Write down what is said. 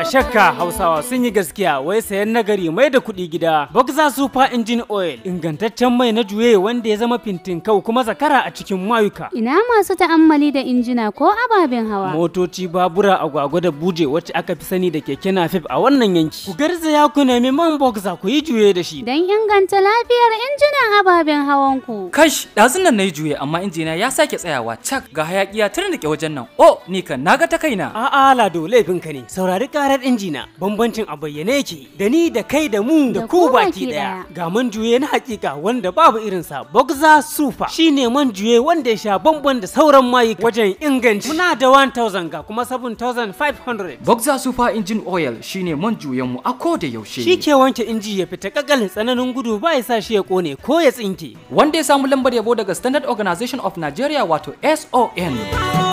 ba shakka Hausawa sun yi gaskiya wai sayan nagari mai da kuɗi gida. Boxer Super Engine Oil ingantaccen mai na juye wanda ya zama fintin kau kuma zakara a cikin mayuka. Ina masu ta'ammali da injina ko ababen hawa. Motoci babura agwagwa da buje wacce aka fi sani da keke na fif a wannan yanki. Ku garzaya ku nemi man Boxer ku yi juye da shi. Don inganta lafiyar injinan ababen hawan ku. Kash ɗazun nan na yi juye amma injina ya sake tsayawa cak ga hayaƙi ya turnike wajen nan. Oh ni kan naga ta kaina. A'a lado laifin ka ne. Saurari ƙara karar injina bambancin a bayyane yake da ni da kai da mu da ku baki daya ga man juye na hakika wanda babu irinsa boxer super shine man juye wanda ya sha bamban da sauran mayi wajen inganci muna da 1000 ga kuma 7500 boxer super engine oil shine man juyen mu a ko da yaushe shi ke wanke inji ya fita kakalin tsananin gudu ba ya sa shi ya kone ko ya tsinke wanda ya samu lambar yabo daga standard organization of nigeria wato son